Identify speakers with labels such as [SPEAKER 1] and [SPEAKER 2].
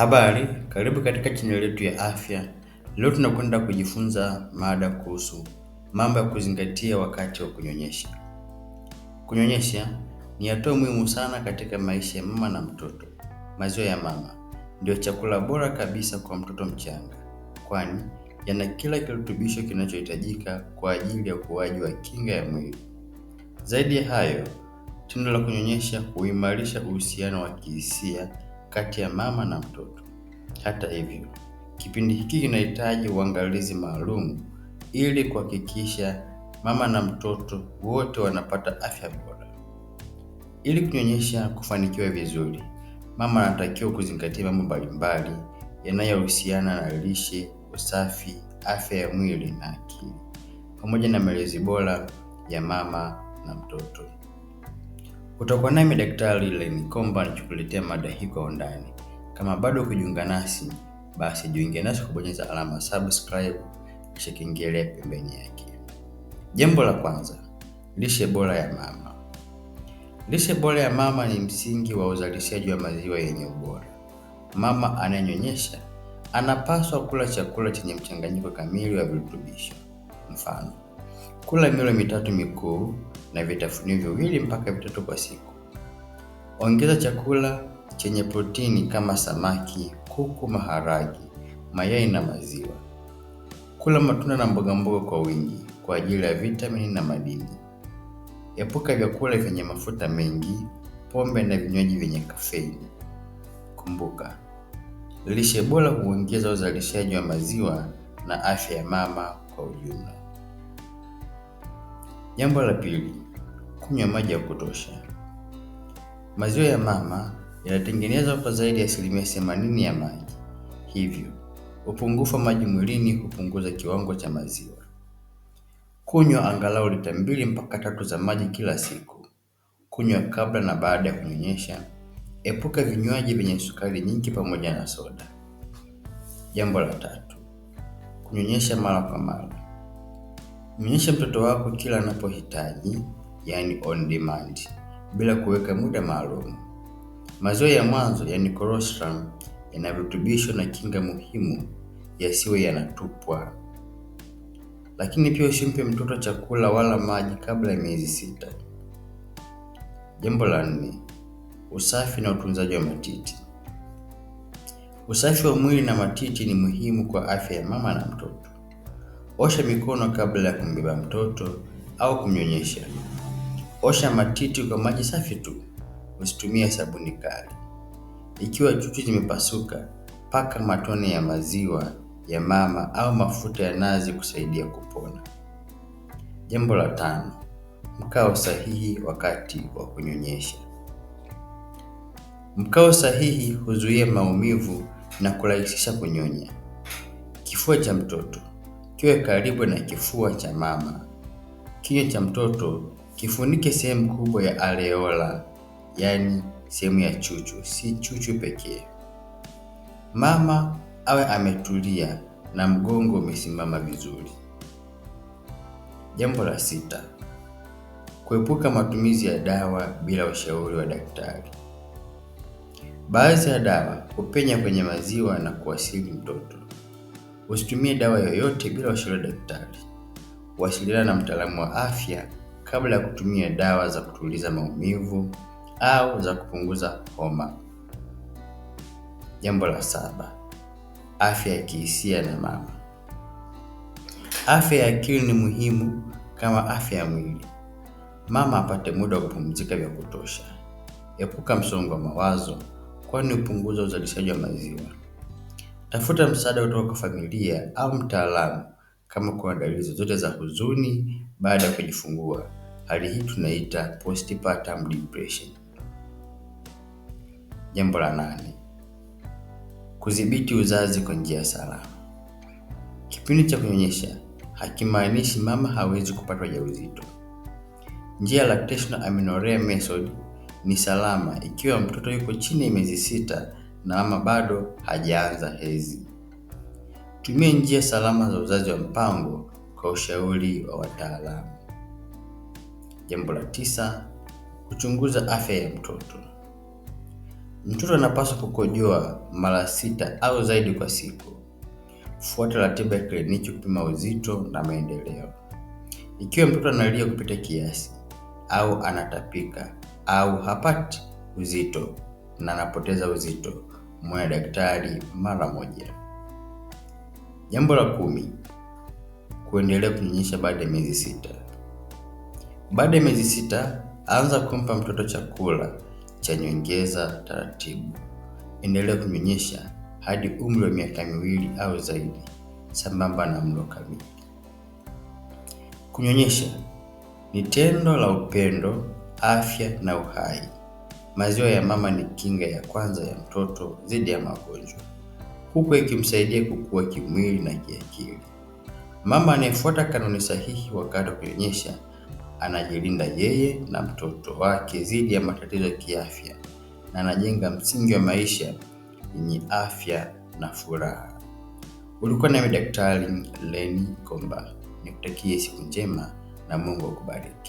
[SPEAKER 1] Habari, karibu katika chaneli yetu ya afya. Leo tunakwenda kujifunza mada kuhusu mambo ya kuzingatia wakati wa kunyonyesha. Kunyonyesha ni hatua muhimu sana katika maisha ya mama na mtoto. Maziwa ya mama ndio chakula bora kabisa kwa mtoto mchanga, kwani yana kila kirutubisho kinachohitajika kwa ajili ya ukuaji wa kinga ya mwili. Zaidi ya hayo, tendo la kunyonyesha huimarisha uhusiano wa kihisia kati ya mama na mtoto. Hata hivyo, kipindi hiki kinahitaji uangalizi maalum ili kuhakikisha mama na mtoto wote wanapata afya bora. Ili kunyonyesha kufanikiwa vizuri, mama anatakiwa kuzingatia mambo mbalimbali yanayohusiana na lishe, usafi, afya ya mwili na akili, pamoja na malezi bora ya mama na mtoto. Utakuwa nami Daktari Laini Komba nikukuletea mada hii kwa undani. Kama bado kujiunga nasi, basi jiunge nasi kubonyeza alama subscribe kisha kengele pembeni yake. Jambo la kwanza, lishe bora ya mama. Lishe bora ya mama ni msingi wa uzalishaji wa maziwa yenye ubora. Mama anayenyonyesha anapaswa kula chakula chenye mchanganyiko kamili wa virutubisho. Mfano, kula milo mitatu mikuu na vitafunio viwili mpaka vitatu kwa siku. Ongeza chakula chenye protini kama samaki, kuku, maharagi, mayai na maziwa. Kula matunda na mbogamboga kwa wingi kwa ajili ya vitamini na madini. Epuka vyakula vyenye mafuta mengi, pombe na vinywaji vyenye kafeini. Kumbuka, lishe bora huongeza uzalishaji wa maziwa na afya ya mama kwa ujumla. Jambo la pili, kunywa maji ya kutosha. Maziwa ya mama yanatengenezwa kwa zaidi ya asilimia themanini ya maji, hivyo upungufu wa maji mwilini hupunguza kiwango cha maziwa. Kunywa angalau lita mbili mpaka tatu za maji kila siku. Kunywa kabla na baada ya kunyonyesha. Epuka vinywaji vyenye sukari nyingi pamoja na soda. Jambo la tatu, kunyonyesha mara kwa mara. Mnyonyeshe mtoto wako kila anapohitaji yani on demand, bila kuweka muda maalum. Mazao ya mwanzo yani colostrum yana virutubisho na kinga muhimu, yasiwe yanatupwa. Lakini pia usimpe mtoto chakula wala maji kabla ya miezi sita. Jambo la nne, usafi na utunzaji wa matiti. Usafi wa mwili na matiti ni muhimu kwa afya ya mama na mtoto. Osha mikono kabla ya kumbeba mtoto au kumnyonyesha. Osha matiti kwa maji safi tu, usitumie sabuni kali. Ikiwa chuchu zimepasuka, paka matone ya maziwa ya mama au mafuta ya nazi kusaidia kupona. Jambo la tano, mkao sahihi wakati wa kunyonyesha. Mkao sahihi huzuia maumivu na kurahisisha kunyonya. Kifua cha mtoto kiwe karibu na kifua cha mama. Kinywa cha mtoto kifunike sehemu kubwa ya areola, yaani sehemu ya chuchu, si chuchu pekee. Mama awe ametulia na mgongo umesimama vizuri. Jambo la sita, kuepuka matumizi ya dawa bila ushauri wa daktari. Baadhi ya dawa hupenya kwenye maziwa na kuasili mtoto. Usitumie dawa yoyote bila ushauri wa daktari. Wasiliana na mtaalamu wa afya kabla ya kutumia dawa za kutuliza maumivu au za kupunguza homa. Jambo la saba, afya ya kihisia na mama. Afya ya akili ni muhimu kama afya ya mwili. Mama apate muda wa kupumzika vya kutosha. Epuka msongo wa mawazo, kwani hupunguza uzalishaji wa maziwa. Tafuta msaada kutoka kwa familia au mtaalamu kama kuna dalili zozote za huzuni baada ya kujifungua. Hali hii tunaita postpartum depression. Jambo la nane, kudhibiti uzazi kwa njia salama. Kipindi cha kunyonyesha hakimaanishi mama hawezi kupata ujauzito. Njia ya lactational amenorrhea method ni salama ikiwa mtoto yuko chini ya miezi sita na mama bado hajaanza hezi Tumia njia salama za uzazi wa mpango kwa ushauri wa wataalamu. Jambo la tisa, kuchunguza afya ya mtoto. Mtoto anapaswa kukojoa mara sita au zaidi kwa siku. Fuata ratiba ya kliniki kupima uzito na maendeleo. Ikiwa mtoto analia kupita kiasi au anatapika au hapati uzito na anapoteza uzito, mwana daktari mara moja. Jambo la kumi, kuendelea kunyonyesha baada ya miezi sita. Baada ya miezi sita, anza kumpa mtoto chakula cha nyongeza taratibu. Endelea kunyonyesha hadi umri wa miaka miwili au zaidi, sambamba na mlo kamili. Kunyonyesha ni tendo la upendo, afya na uhai. Maziwa ya mama ni kinga ya kwanza ya mtoto dhidi ya magonjwa, huku ikimsaidia kukua kimwili na kiakili. Mama anayefuata kanuni sahihi wakati wa kunyonyesha anajilinda yeye na mtoto wake dhidi ya matatizo ya kiafya na anajenga msingi wa maisha yenye afya na furaha. Ulikuwa nami Daktari Leni Komba, nikutakie siku njema na Mungu akubariki.